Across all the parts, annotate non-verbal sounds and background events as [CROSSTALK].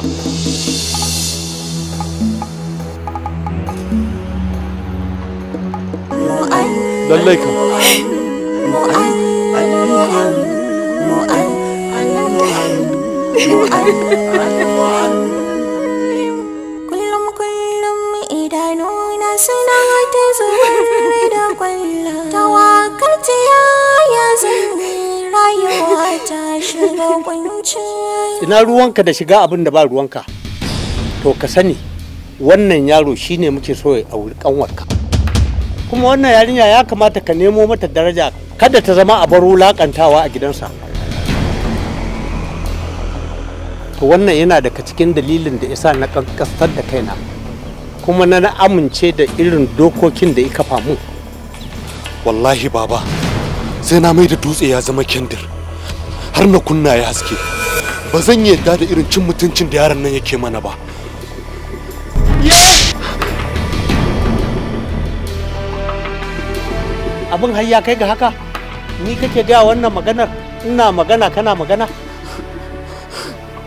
Lên lên không? Mua anh Anh mua anh Mua anh Anh mua anh Mua anh Anh mua anh ina ruwanka da shiga abin da ba ruwanka to ka sani wannan yaro shine muke so ya auri kanwarka kuma wannan yarinya ya kamata ka nemo mata daraja kada ta zama a baro lakantawa a gidansa to wannan yana daga cikin dalilin da isa na kankastar da kaina kuma na amince da irin dokokin da ya kafa mu wallahi baba sai na mai da dutse ya zama kendir har na kunna ya haske ba zan yarda da irin cin mutuncin da yaron nan yake mana ba abin har kai ga haka ni kake gaya wannan maganar ina magana kana magana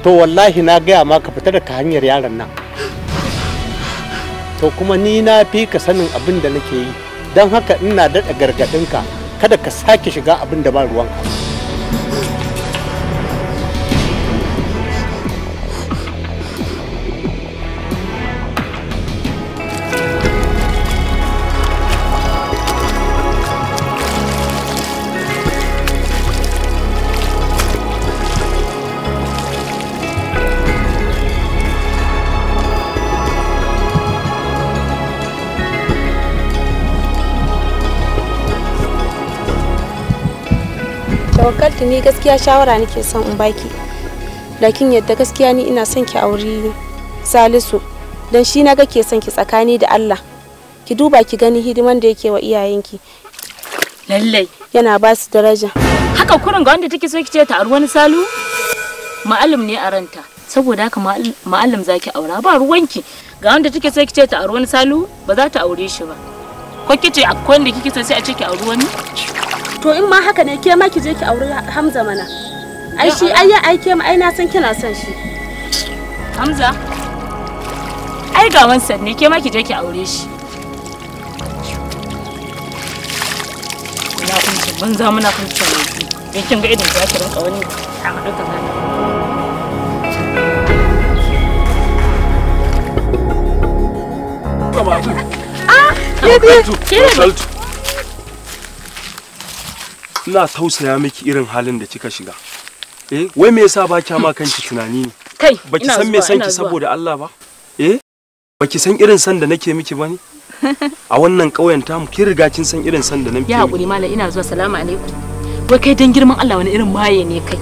to wallahi na gaya ma ka fita daga hanyar yaron nan to kuma ni na fi ka sanin abin da nake yi don haka ina daɗa ka. kada ka sake shiga abin da ba ruwanka ni gaskiya shawara nake son in baki lakin yadda gaskiya ni ina son ki auri salisu don shi na kake son ki tsakani da allah ki duba ki gani hidiman da yake wa iyayenki lallai yana ba su daraja haka kurin ga wanda take so ki ce ta aure wani salu ma'alim ne a ranta saboda haka ma'alim zaki aura ba ruwanki ga wanda take so ki ce ta aure wani salu ba za ta aure shi ba ko ce akwai wanda kike so sai a ce ki auri wani to in ma haka ne ke ma ki je ki auri hamza mana ai shi ai ya aike mu ai na san kina son shi hamza ai ga sanne ke ma ki je ki aure shi kun mun za muna ne kin ga idan rinka wani hadu ka Ah, ina tausaya miki irin halin da kika shiga eh wai me yasa ba kya ma kanki tunani ne kai baki san me sanki saboda Allah ba eh baki san irin san da nake miki ba ne [LAUGHS] a wannan ƙauyen tamu kin riga kin san irin san da nake ya hakuri mallam ina zuwa salamu alaikum wai kai dan girman Allah wani irin maye ne kai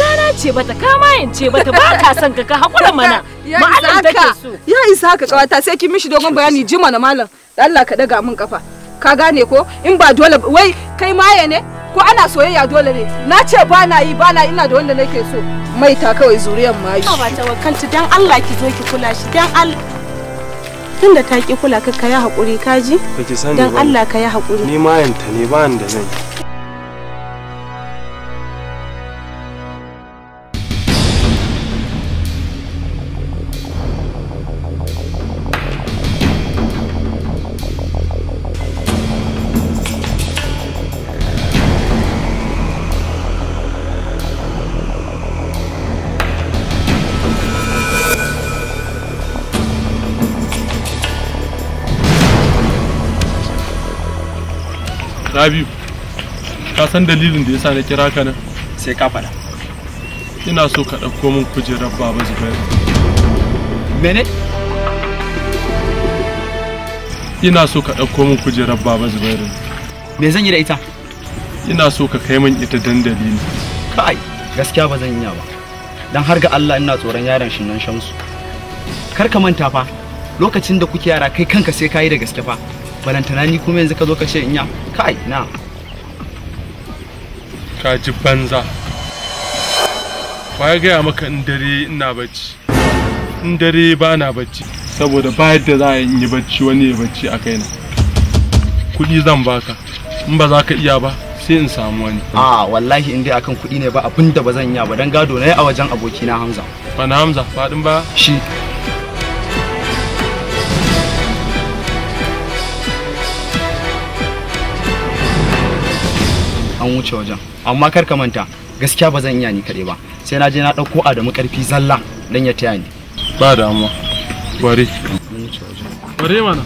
kana ce bata ka mayance bata ba ka san ka ka hakura mana ma'anar take so ya isa haka kawata sai kin mishi dogon bayani jima na malam Allah ka daga min kafa ka gane ko in ba dole wai kai maye ne ko ana soyayya dole ne na ce ba na yi ba na ina da wanda nake so mai ta kawai zuriyar mayu ba wakanta dan Allah ki zo ki kula shi dan Allah tun da ta ki kula ka kai hakuri kaji dan Allah ka yi hakuri ni ma yanta ne ba da zai biyu ka san dalilin da yasa na kira ka nan? Sai ka faɗa. Ina so ka ɗauko min kujerar Baba Zubairu. Mene? Ina so ka ɗauko min kujerar Baba Zubairu. Me zan yi da ita? Ina so ka kai min ita dandali ne. Kai, gaskiya ba zan yi ba. Dan har ga Allah ina tsoron yaron shi nan Shamsu. Kar ka manta fa, lokacin da kuke yara kai kanka sai ka yi da gaske fa. balantana ni kuma yanzu ka zo ka ce inya kai na ka ji banza ba ya gaya maka in dare ina bacci in dare ba na bacci saboda ba yadda za a yi bacci wani ya bacci a na. kuɗi zan baka in ba za ka iya ba sai in samu wani a wallahi in dai akan kuɗi ne ba abin da ba zan iya ba dan gado na yi a wajen abokina hamza wani hamza faɗin ba shi an wuce wajen amma kar ka manta gaskiya ba zan iya ni kaɗai ba sai na je na ɗauko adamu ƙarfi zalla dan ya taya ni ba damuwa bare bare mana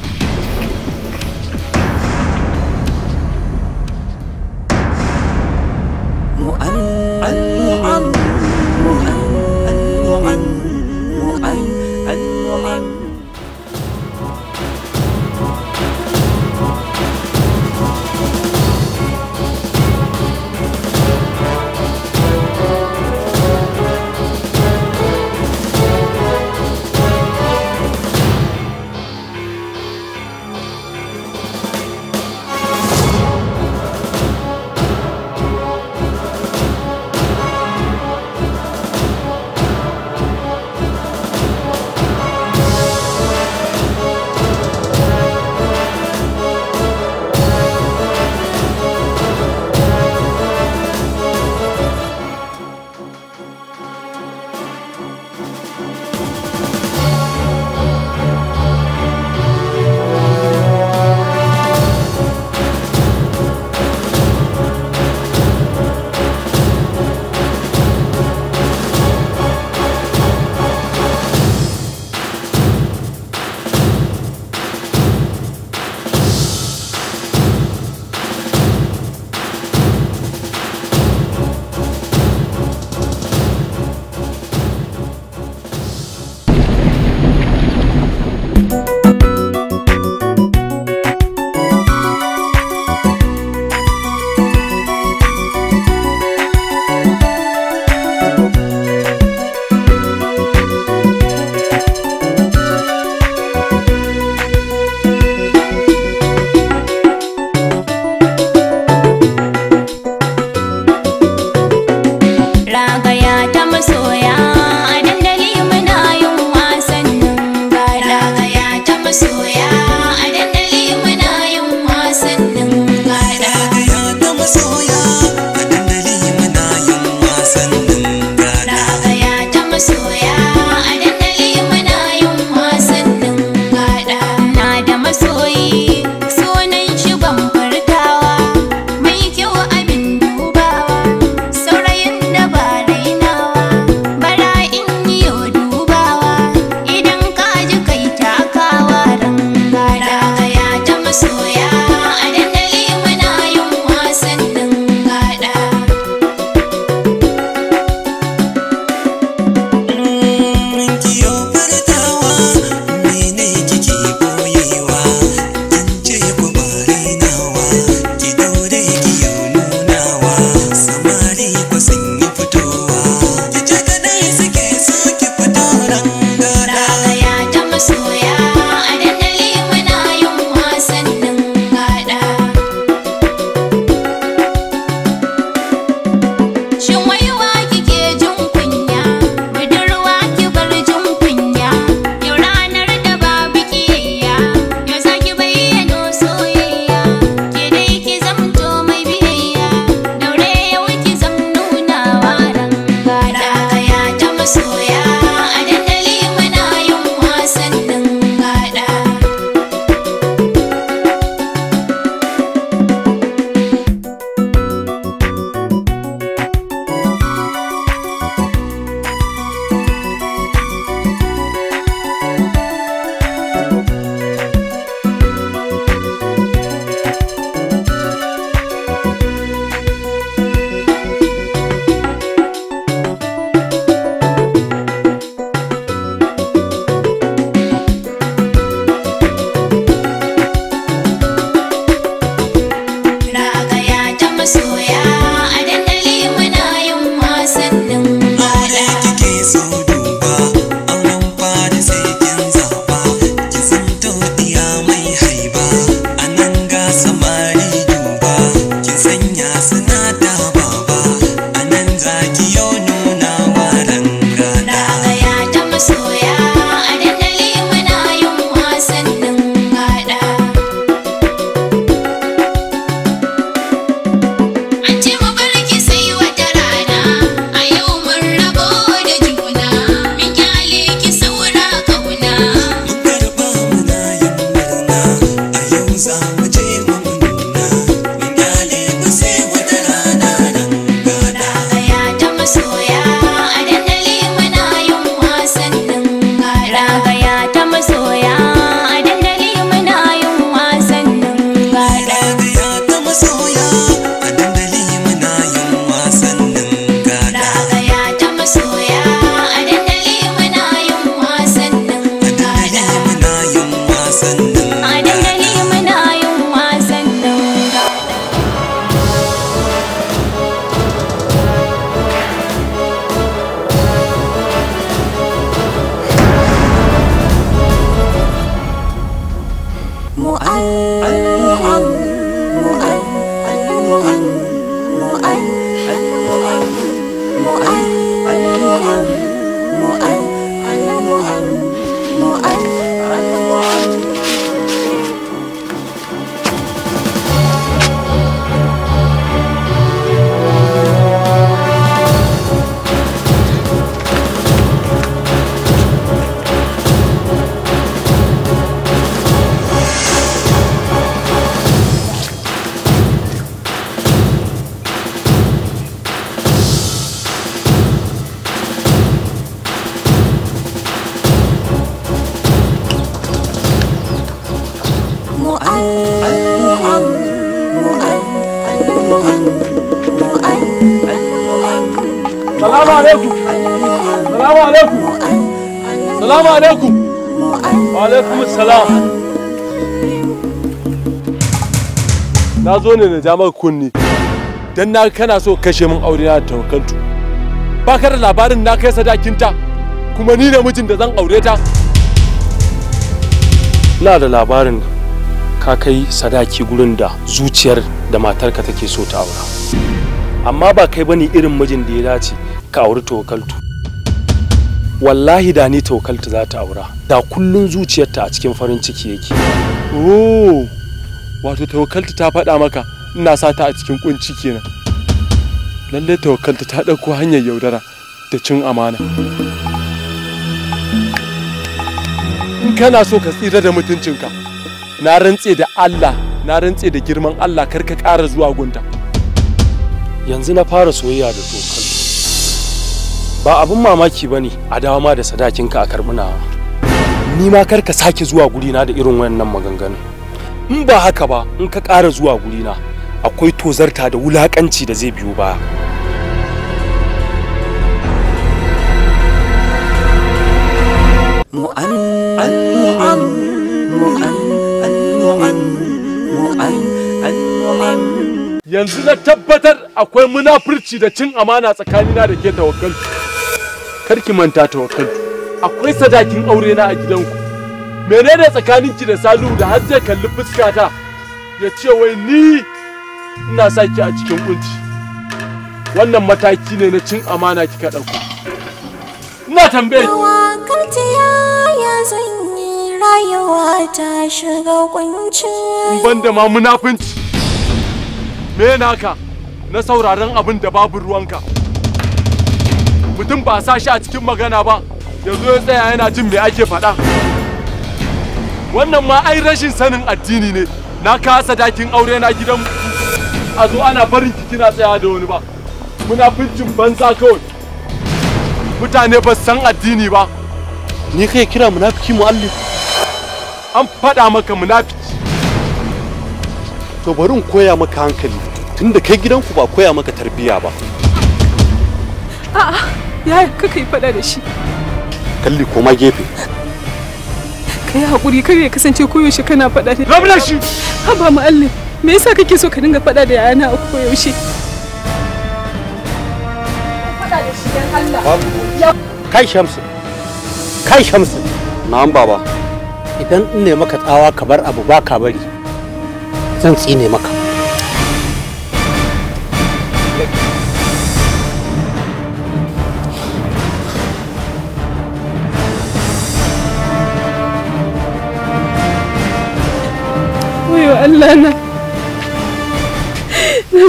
Salamu alaikum. Wa alaikum salam. Na zo ne na ja maka kunni. Dan na kana so kashe min aure na tawakkantu. Ba ka da labarin na kai sadakinta kuma ni da mijin da zan aure ta. Na da labarin ka kai sadaki gurin da zuciyar da matarka take so ta aura. Amma ba kai bane irin mijin da ya dace ka auri tawakkaltu. wallahi da ni tawakkalta za ta aura da kullun zuciyarta a cikin farin ciki yake oh wato tawakkalta ta faɗa maka ina sata a cikin kunci kenan lallai tawakkalta ta ɗauko hanyar yaudara da cin amana in kana so ka tsira da mutuncinka na rantse da Allah na rantse da girman Allah kar ka ƙara zuwa gunta yanzu na fara soyayya da tokal ba abin mamaki ba ne a dama ma da sadakinka a karbuna ni ma kar ka sake zuwa gurina da irin wannan maganganu in ba haka ba in ka ƙara zuwa gurina akwai tozarta da wulaƙanci da zai biyo baya yanzu na tabbatar akwai munafurci da cin amana tsakanina da ke tawakkalci karki manta ta tawakkaltu akwai sadakin aure na a gidanku menene tsakanin ki da Salihu da har zai kalli ta? ya ce wai ni ina saki a cikin kunci wannan mataki ne na cin amana kika ɗauko ina tambaye rayuwa ta shiga kunci ban da ma munafunci me naka na sauraron abin da babu ruwanka mutum ba sa shi a cikin magana ba yanzu ya tsaya yana jin me ake faɗa wannan ma ai rashin sanin addini ne na kasa dakin aure na gidan a zo ana barin ki kina tsaya da wani ba muna fincin banza kawai mutane ba san addini ba ni kai kira munafiki mu'allif an faɗa maka munafiki to bari in koya maka hankali tunda kai gidanku ba koya maka tarbiyya ba a'a Yaya kaka yi faɗa da shi? Kalli koma gefe. Ka yi haƙuri kar ya kasance koyaushe kana fada da Rabna shi! Haba mu'allim, me yasa kake so ka dinga fada da yana a koyaushe? Kai Shamsu, kai Shamsu. Na'am baba. Idan in ne maka tsawa ka bar abu ba ka bari, zan tsine maka. Allah na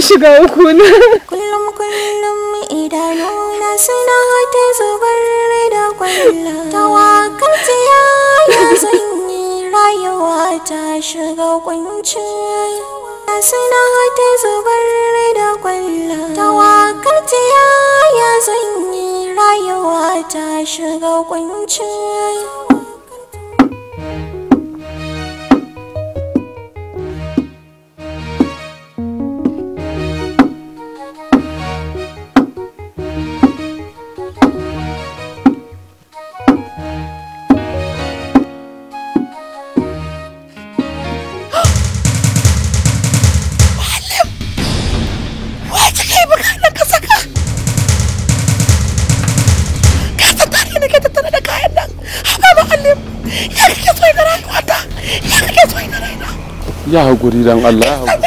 shiga uku na kullum kullum idanuna suna hata zubar da kwalla tawakalci ya zanyi rayuwa ta shiga kunci suna hata zubar da kwalla tawakalci ya zanyi rayuwa ta shiga kunci ya haƙuri don Allah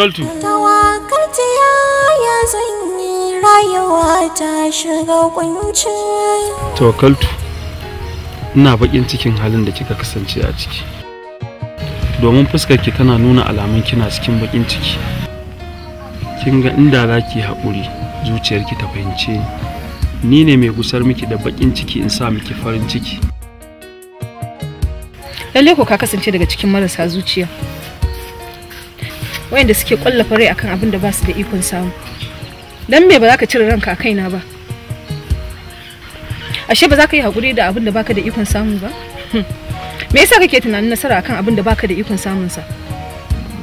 tawakaltu tawakkaltu ya ya zanyi rayuwa ta shiga kunci tawakaltu ina bakin cikin halin da kika kasance a ciki domin ki tana nuna alamun kina cikin bakin ciki kin ga inda za ki haƙuri zuciyarki ta fahimce ni ne mai gusar miki da bakin ciki in sa miki farin ciki lalle ko ka kasance daga cikin marasa zuciya wayanda suke kwalla rai akan abin da ba su da ikon samu dan me ba za ka cire ranka a kaina ba ashe ba za ka yi hakuri da abin da baka da ikon samu ba hmm. me yasa kake tunanin nasara akan abin da baka da ikon samun sa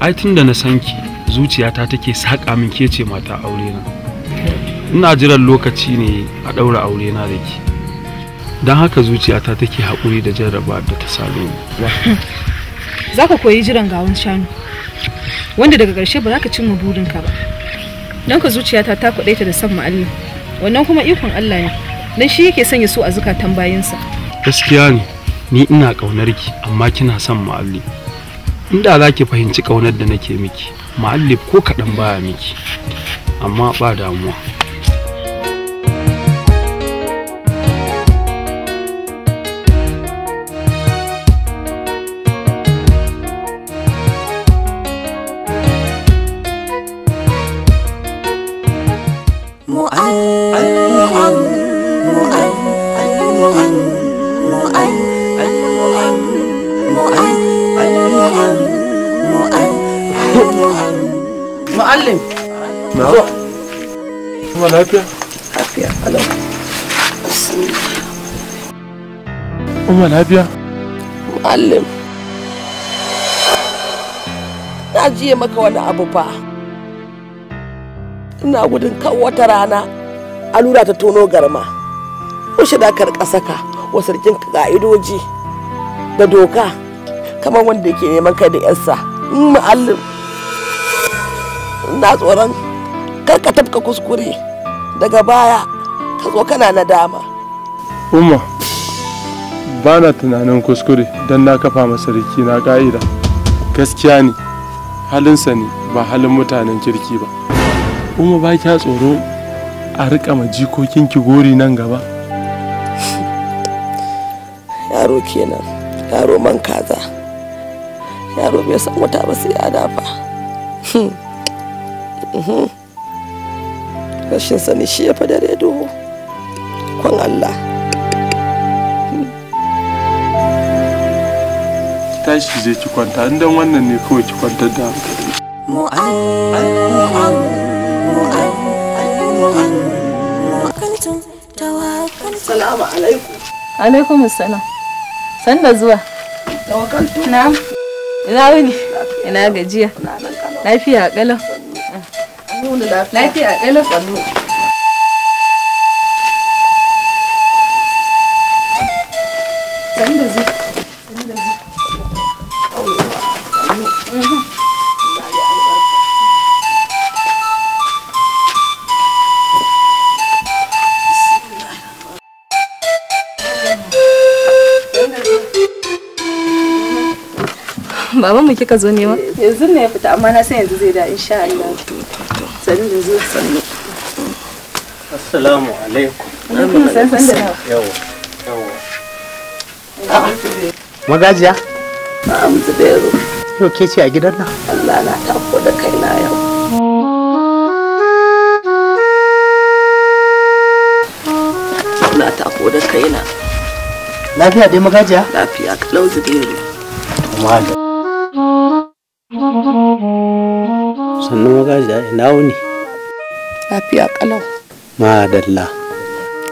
ai tun da na san ki zuciyata take saƙa min ke ce mata aure na ina jiran lokaci ne a ɗaura aure na da ki don haka zuciyata take hakuri da jarraba da ta salo hmm. za ka koyi jiran gawan shanu wanda daga ƙarshe ba za ka cimma burinka ba don ka zuciyata ta kwaɗaita da san ma'alli wannan kuma ikon Allah ne don shi yake sanya su a zukatan bayansa gaskiya ne ni ina ƙaunar ki amma kina son ma'alli inda za ki fahimci ƙaunar da nake miki ma'alli ko kaɗan baya miki amma ba damuwa Muallim. Na. Kuma lafiya? Lafiya. Allah. Umma lafiya? Muallim. Na jiye maka wani abu fa. Ina gudun kan wata rana alura ta tono garma. Ushe da karka saka wasu rikin ka'idoji da doka kamar wanda ke neman kai da 'yarsa. Muallim. na tsoron kar ka tafka kuskure daga baya ka zo kana na dama umma ba na tunanin kuskure don na kafa masarki na ka'ida gaskiya ne halinsa ne ba halin mutanen kirki ba umma ba kya tsoro a riƙa ma jikokinki gori nan gaba [SIGHS] yaro kenan yaro man kaza yaro bai san wata ba sai ya dafa [LAUGHS] Mhm. rashin sani shi ya fi dare duhu kwan Allah tashi zai ki kwanta dan wannan ne kawai ki kwantar da hankali Salamu alaikum. Alaikum salam. San da zuwa. Tawakaltu. Na'am. Ina wuni. Ina gajiya. Lafiya kalau. Nun la plati a ela Sen de Sen de zip. ne ya fita amma na san yanzu zai da insha Allah. sannu da zuwa sannu assalamu alaikum magajiya a da yaro yau ke ce a gidan nan allah na tako da kaina yau na tako da lafiya dai magajiya lafiya kalau zubairu to sannan magajiya ina wuni lafiya kalau madalla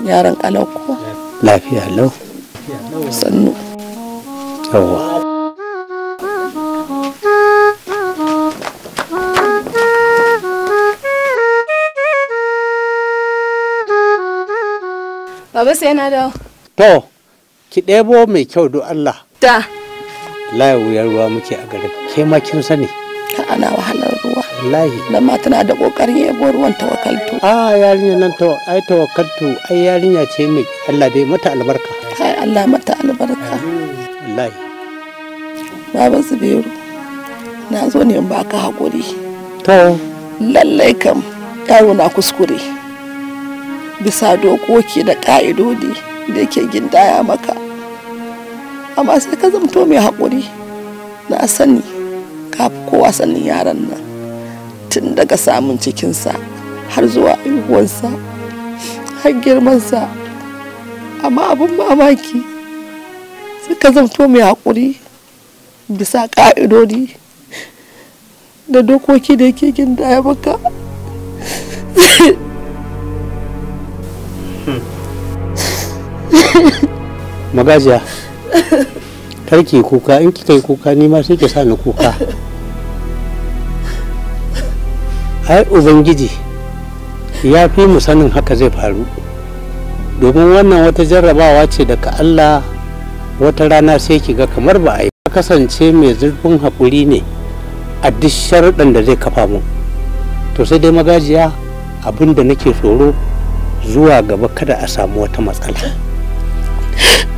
yaran kalau ko lafiya lau sannu yawa Baba sai na dawo. To, ki ɗebo mai kyau do Allah. Ta. Lai wuyar ruwa muke a garin, ke ma kin sani. Ana wahalar ruwa. wallahi nan ma tana da kokarin yabo ruwan tawakkaltu a yarinya nan to ai tawakkaltu ai yarinya ce mai Allah dai mata albarka ai Allah mata albarka wallahi baban Zubairu na zo ne in baka hakuri to lallai kam yaro na kuskure bisa dokoki da ka'idodi da yake gindaya maka amma sai ka zamto mai haƙuri na sani kafi kowa sanin yaran nan tun daga samun cikinsa har zuwa aihuwansa har girmansa amma abin mamaki suka zamto mai haƙuri bisa ƙa'idodi da dokoki da yake ya baka magajiya karki kuka in kika yi kuka ni ma sai ke sa ni kuka ai ubangiji ya fi mu sanin haka zai faru domin wannan wata jarrabawa ce daga allah wata rana sai ki ga kamar ba a yi kasance mai zurfin haƙuri ne a duk sharuɗan da zai kafa mu to sai dai magajiya abinda da nake tsoro zuwa gaba kada a samu wata matsala [LAUGHS]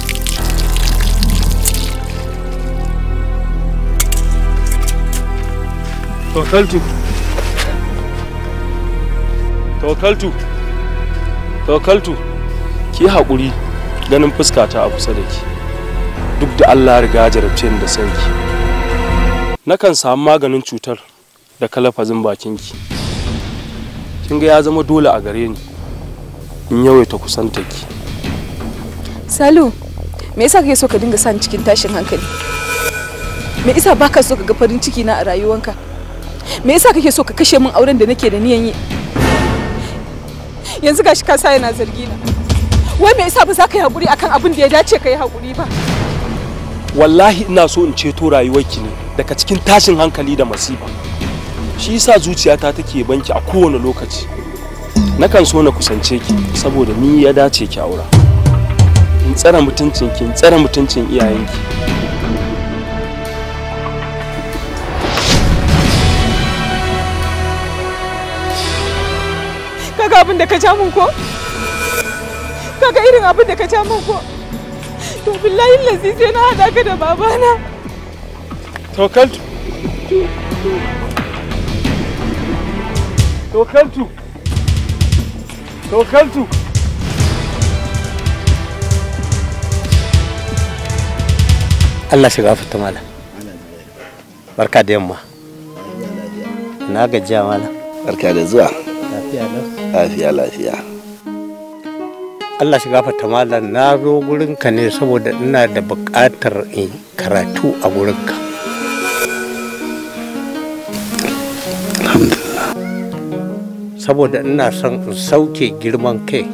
Tokaltu. Tokaltu. Tokaltu. Ki haƙuri ganin fuskata a kusa da ki. Duk da Allah riga jarabce ni da sanki. Nakan samu maganin cutar da kalafazin bakinki. Kin ga ya zama dole a gare ni. In yawaita kusanta ki. Salu, me yasa kake so ka dinga ni cikin tashin hankali? Me yasa baka so ka ga farin ciki na a rayuwanka? me yasa kake so ka kashe min auren da nake da niyan yi yanzu gashi ka sa yana zargi na wai me yasa ba za ka yi hakuri akan abin da ya dace ka yi hakuri ba wallahi ina so in ceto rayuwarki ne daga cikin tashin hankali da masifa shi yasa zuciyata take banki a kowane lokaci nakan so na kusance ki saboda ni ya dace ki aura in tsare mutuncinki in tsare mutuncin iyayenki abin da ka ja min ko kaga irin abin da ka ja min ko to billahi lazi sai na hada ka da babana kaltu. To kaltu. Allah shi fita mala barka da yamma na gajiya mala barka da zuwa lafiya Allah shi gafarta malam na zo gurinka ne saboda ina da buƙatar in karatu a gurinka saboda ina son in sauke girman kai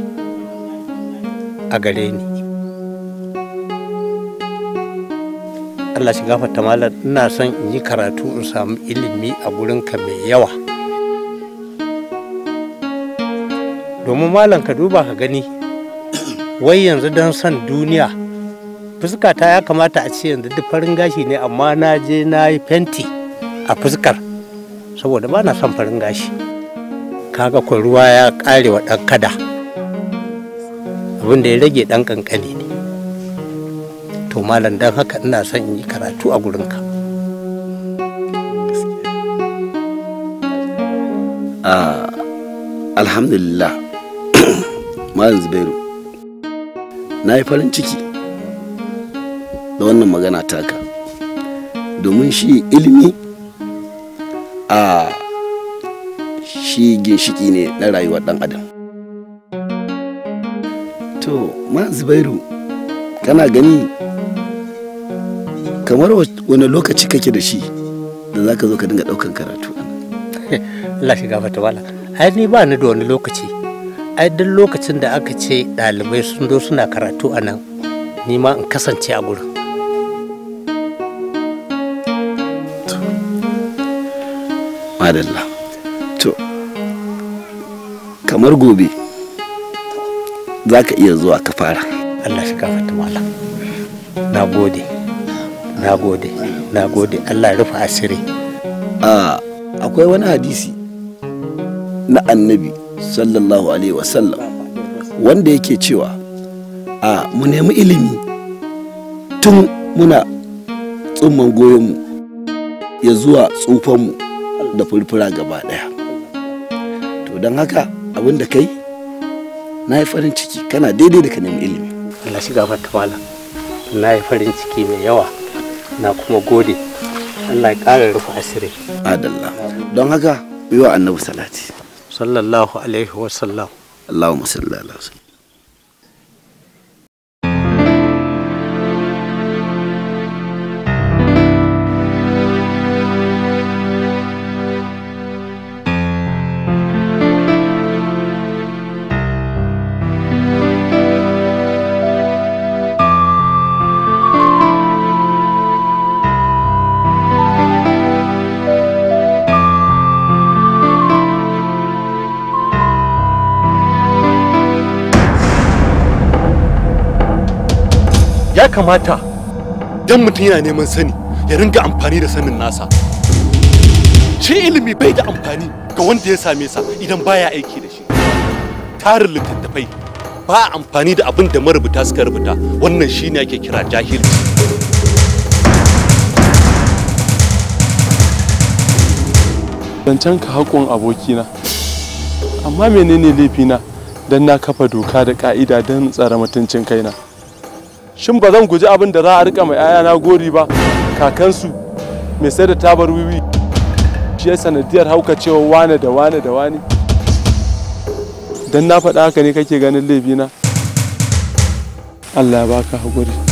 a gare ni Allah shi gafarta malam ina son in yi karatu in samu ilimi a gurinka mai yawa domin malam ka duba ka gani wai yanzu don son duniya fuska ta ya kamata a ce yanzu duk farin gashi ne amma na je na yi fenti a fuskar saboda ba na son farin gashi kaga ko ruwa ya kare wa ɗan kada abin ya rage ɗan ƙanƙani ne to malam don haka ina son in yi karatu a gurinka ah, alhamdulillah malam zubairu na yi farin ciki da wannan magana taka domin shi ilimi a shi ginshiki ne na rayuwar ɗan adam to malam zubairu kana gani kamar wani lokaci kake da shi da za ka zo ka dinga daukan karatu [LAUGHS] Allah shi gafarta wala ai ni ba ni da wani lokaci ai duk lokacin da aka ce ɗalibai sun zo suna karatu a nan nima in kasance a gurin madalla to kamar gobe za ka iya zuwa ka fara allah shi gafarta malam na gode na gode na gode allah rufa asiri ah, akwai wani hadisi na annabi sallallahu alaihi wasallam wanda yake cewa a mu nemi ilimi tun muna tsumman goyonmu ya zuwa tsufanmu da furfura gaba daya to don haka abin da kai na yi farin ciki kana daidai da ka nemi ilimi Allah shiga fata malam na yi farin ciki mai yawa na kuma gode Allah ya ƙara rufe asiri adalla don haka yi annabi salati صلى الله عليه وسلم اللهم صل على سيدنا kamata dan mutum yana neman sani ya ringa amfani da sanin nasa shi ilimi bai da amfani ga wanda ya same sa idan baya aiki da shi tarin littattafai ba amfani da abin da marubuta suka rubuta wannan shine ake kira jahilci zancen ka haƙon abokina amma menene laifina don na kafa doka da ƙa'ida don tsara mutuncin kaina shin ba zan guji abin da za a rika mai ayana gori ba kakansu mai sai da tabar wiwi shi ya sanadiyar haukacewa wane da wane da wane don na faɗa haka ne kake ganin laifina allah ya baka haƙuri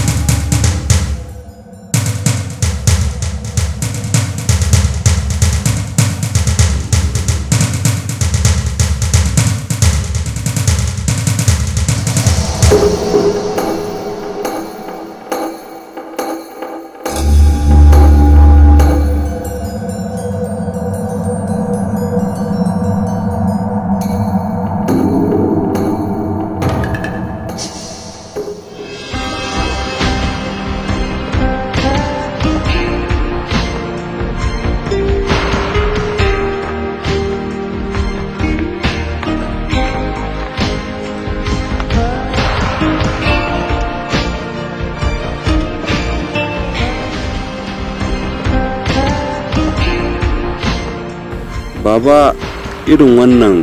irin wannan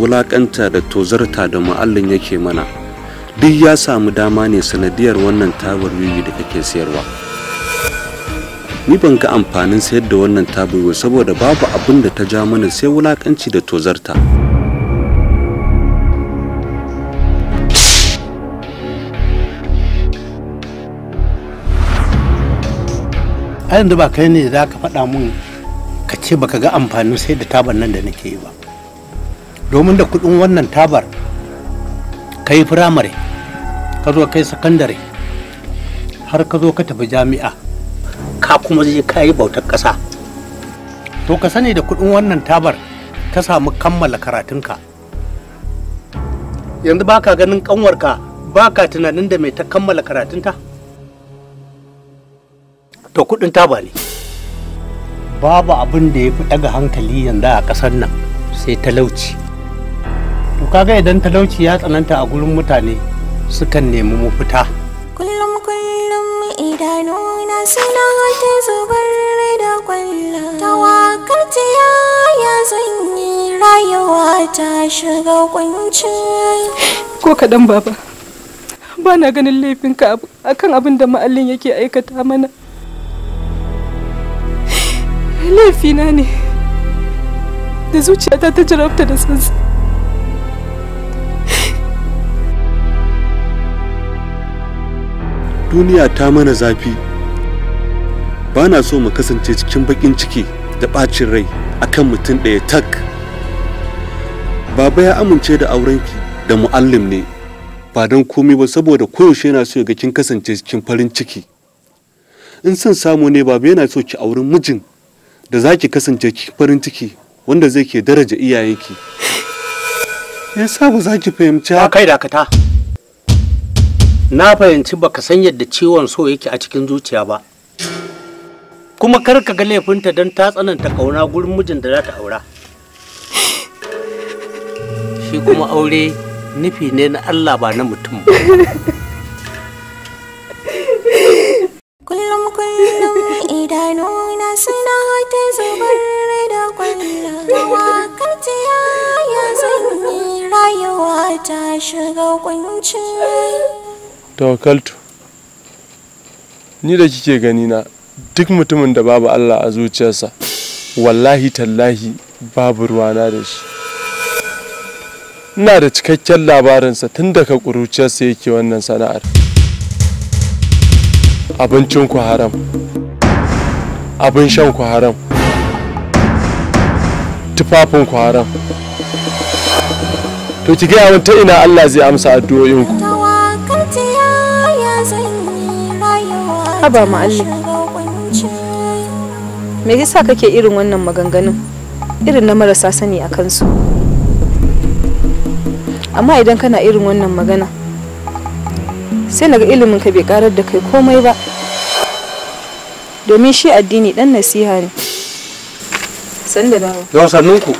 wulakanta da tozarta da ma'allin yake mana duk ya samu dama ne sanadiyar wannan tabar wiwi da kake sayarwa ni ban ga amfanin sayar da wannan tabar saboda babu abin da ta ja mana sai wulakanci da tozarta a yanzu ba kai ne za ka faɗa mun ka ce baka ga amfanin sai da tabar nan da nake yi ba domin da kudin wannan tabar ka yi firamare ka zo kai sakandare har ka zo ka tafi jami'a ka kuma je ka yi bautar ƙasa to ka sani da kudin wannan tabar ka samu kammala karatunka yanzu baka ganin kanwarka baka tunanin da mai ta kammala karatunta to kudin taba ne babu abin da ya fi ɗaga hankali yanzu a ƙasar nan sai talauci to kaga idan talauci ya tsananta a gurin mutane sukan nemi mafita kullum kullum idanuna suna ta zubar da kwallon tawakalciya ya zanyi rayuwa ta shiga kwanci ko kaɗan baba ba na ganin laifinka akan abin da ma'allin yake aikata mana laifina ne da zuciyata ta jarabta da sansa duniya ta mana zafi ba na so mu kasance cikin bakin ciki da ɓacin rai akan mutum ɗaya tak baba ya amince da aurenki da mu'allim ne ba don komi ba saboda koyaushe yana so yaga ga kin kasance cikin farin ciki in son samu ne baba yana so ki auren mijin da za ki kasance farin ciki wanda zai ke daraja iyayenki sa ba za ki fahimci haka kai dakata na fahimci baka san yadda ciwon so yake a cikin zuciya ba kuma kar ka ga laifinta don ta tsananta kauna gurin mijin da za ta aura shi kuma aure nufi ne na Allah ba na mutum ba [LAUGHS] kullum kullum idanuna suna ta zubar da kwallawa kaciya ya zanyi rayuwa ta shiga kunci tawakaltu ni da kike gani na duk mutumin da babu Allah a zuciyarsa wallahi tallahi babu ruwana da shi ina da cikakken labarinsa tun daga ƙuruciyarsa yake wannan sana'ar abincinku haram abin shan ku haram tufafin ku haram to ki gaya min ta ina Allah zai amsa addu'o'in ku haba ma'allim me yasa kake irin wannan maganganun irin na marasa sani a kansu amma idan kana irin wannan magana sai naga ilimin ka bai karar da kai komai ba domin shi addini dan nasiha ne san da dawo yau sannun ku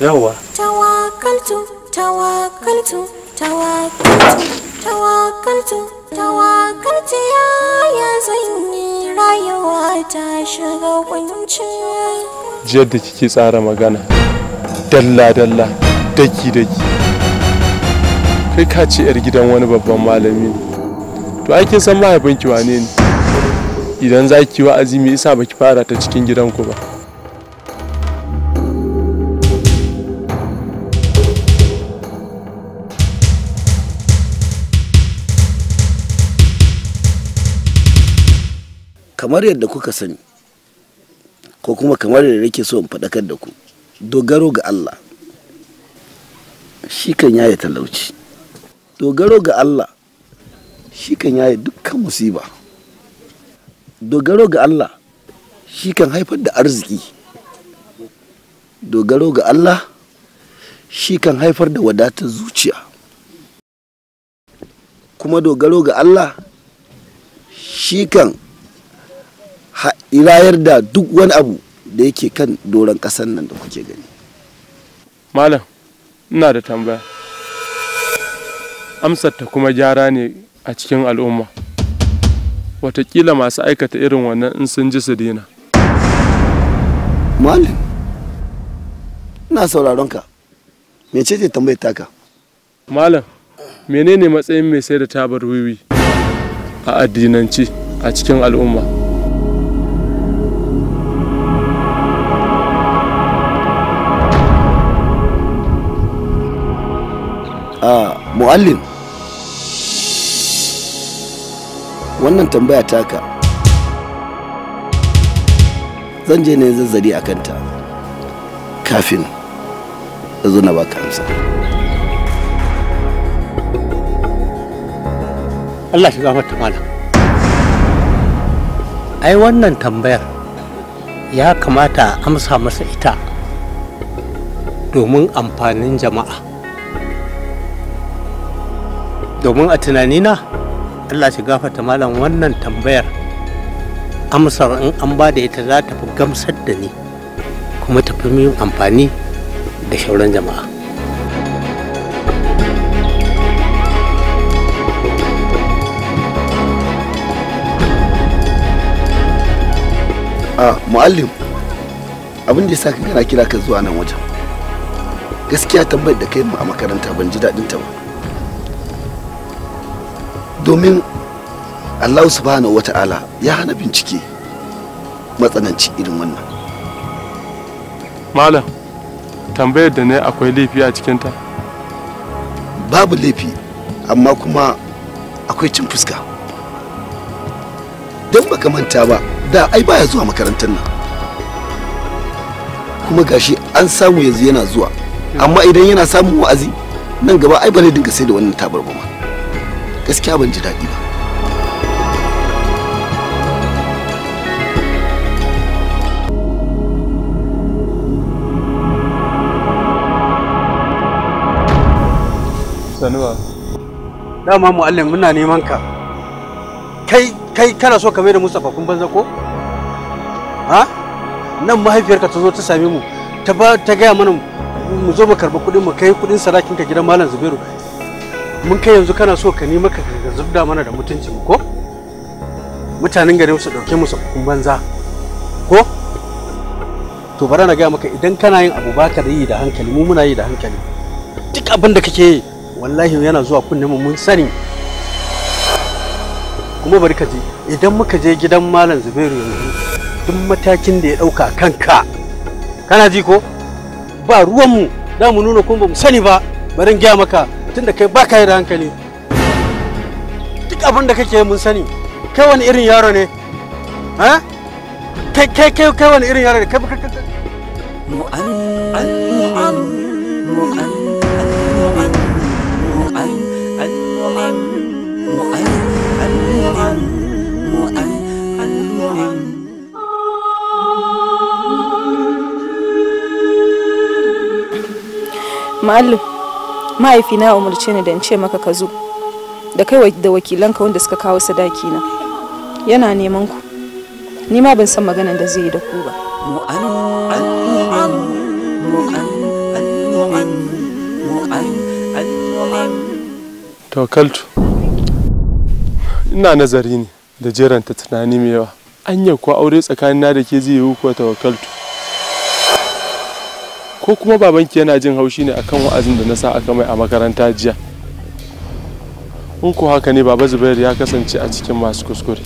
yawa tawakkaltu tawakkaltu tawakkaltu tawakkaltu tawakkaltu ya ya zanyi rayuwa ta shiga kunci jiyar da kike tsara magana dalla dalla daki daki kai ka ce yar gidan wani babban malami ne to ake san mahaifinki wane ne idan za ki wa'azi me yasa baki fara ta cikin gidanku ba kamar yadda kuka sani ko kuma kamar yadda nake so in faɗakar da ku dogaro ga Allah shi kan yi talauci dogaro ga Allah shi kan yi dukkan musiba dogaro ga Allah shi kan haifar da arziki dogaro ga Allah shi kan haifar da wadatar zuciya kuma dogaro ga Allah shi kan irayar da duk wani abu da yake kan doron ƙasar nan da kuke gani malam ina da tambaya amsar ta kuma gyara ne a cikin al'umma watakila masu aikata irin wannan in sun ji su dina malam ina sauraron ka mece ce tambayar taka malam menene matsayin mai sai da tabar wiwi a addinanci a cikin al'umma ah, mu'allim wannan tambaya taka zan je ne zazzari a kanta kafin da zo na baka amsa Allah shi gafarta malam ai wannan tambayar ya kamata a amsa masa ita domin amfanin jama'a domin a tunanina Allah shi gafata malam wannan tambayar amsar in an ba da ita za ta fi gamsar da ni kuma ta fi min amfani da shauran jama'a a muallim abin da ya sa ka kana kira ka zuwa nan wajen gaskiya tambayar da kai mu a makaranta ban ji daɗin ta ba domin allahu subhanahu wata'ala ya hana bincike matsananci irin wannan malam tambayar da ne akwai laifi a cikinta babu laifi amma kuma akwai cin fuska don baka manta ba da ai baya zuwa makarantar nan kuma gashi an samu yanzu yana zuwa amma idan yana samun wa'azi nan gaba ai ba dinga sai da wannan tabar ba gaskiya ban ji daɗi ba sanuwa dama mu'allim muna neman ka kai kai kana so ka mai da mustafa kun banza ko ha nan mahaifiyarka ta zo ta same mu ta ba ta gaya mana mu zo mu karba kuɗin mu kai kuɗin sadakin ka gidan malam zubairu mun kai yanzu kana so ka nima ka zubda mana da mutunci mu ko mutanen garin su dauke musu kun banza ko to bara na gaya maka idan kana yin abu baka da yi da hankali mu muna yi da hankali duk abin da kake yi wallahi yana zuwa kunne mu mun sani kuma bari ka ji idan muka je gidan malam zubairu yanzu duk matakin da ya dauka kanka kana ji ko ba ruwanmu za mu nuna kuma ba mu sani ba barin gaya maka da kai ba ka yi da hankali duk abin da kake mun sani kai wani irin yaro ne ha kai kai kai kai wani irin yaro ne kai mu'an mu'an mu'an Ma'allu mahaifina ya umarce ni da in ce maka ka zo da kai da wakilanka wanda suka kawo sadaki na yana neman ku ni ma ban san maganan da zai yi da ku ba Tokaltu ina nazari ne da jeranta tunani mai yawa anya ko aure tsakanina da ke zai yi kuwa wakaltu. ko kuma babanki yana jin haushi ne akan wa'azin da na sa aka mai a makaranta jiya in ko haka ne baba Zubairu ya kasance a cikin masu kuskure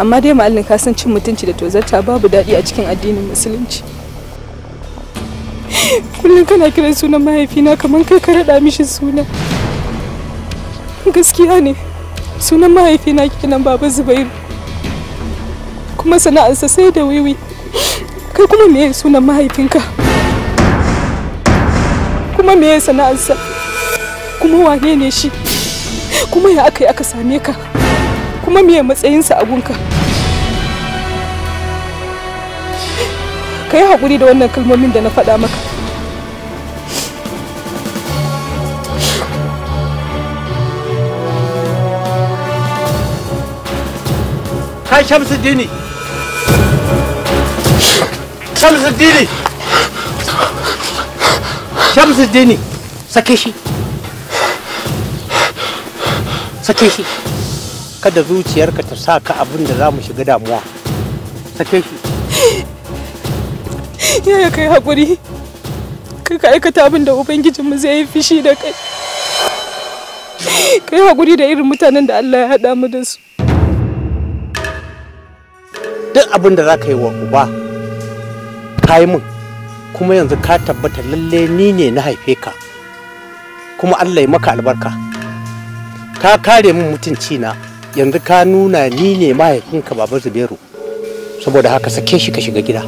amma dai ma'allin ka san cin mutunci da tozarta babu daɗi a cikin addinin musulunci kullum kana kiran sunan mahaifina kamar kai ka raɗa mishi suna gaskiya ne sunan mahaifina kenan baba zubairu kuma sana'arsa sai da wiwi kai kuma me sunan mahaifinka kuma me sana'arsa kuma wane ne shi kuma ya aka yi aka same ka kuma me matsayinsa a gunka ka yi haƙuri da wannan kalmomin da na faɗa maka kai shamsu dini shamsu dini shamsu dini sake shi sake shi kada zuciyarka ta sa ka abin da za mu shiga damuwa sake shi yaya kai hakuri kai ka aikata abin da ubangijinmu zai yi fishi da kai kai haƙuri da irin mutanen da allah ya haɗa mu da su duk abin da za ka yi wa uba ka yi min kuma yanzu ka tabbata lalle ni ne na haife ka kuma allah ya maka albarka ka kare min mutunci na yanzu ka nuna ni ne mahaifinka baba zubairu saboda haka sake shi ka shiga gida